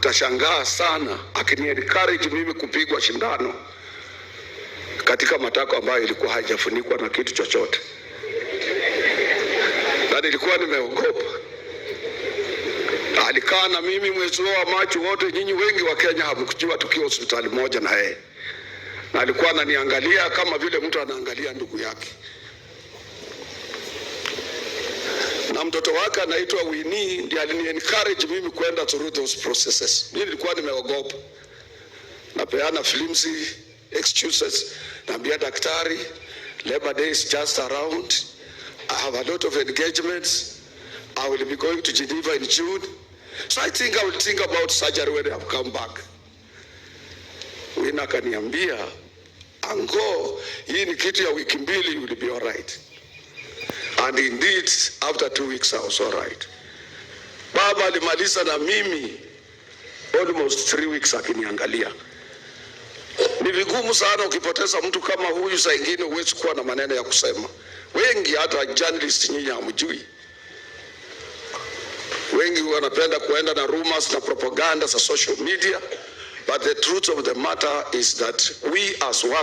utashangaa sana akiniencourage mimi kupigwa shindano katika matako ambayo ilikuwa haijafunikwa na kitu chochote, na nilikuwa nimeogopa. Alikaa na mimi mwezi wa Machi wote. Nyinyi wengi wa Kenya hamkujua tukiwa hospitali moja na yeye, na alikuwa ananiangalia kama vile mtu anaangalia ndugu yake. na mtoto wake anaitwa Wini ndiye alini encourage mimi kwenda through those processes. Mimi nilikuwa nimeogopa, napeana flimsy excuses, naambia daktari, Labor Day is just around, I have a lot of engagements, I will be going to Geneva in June, so I think I will think about surgery when I have come back. Winnie akaniambia, Ango, hii ni kitu ya wiki mbili, you will be all right. And indeed, after two weeks I was all right. Baba alimaliza na mimi almost three weeks akiniangalia. Ni vigumu sana ukipoteza mtu kama huyu, saa ingine huwezi kuwa na maneno ya kusema. Wengi hata journalist nyinyi hamjui, wengi wanapenda kuenda na rumors na propaganda za social media, but the truth of the matter is that we as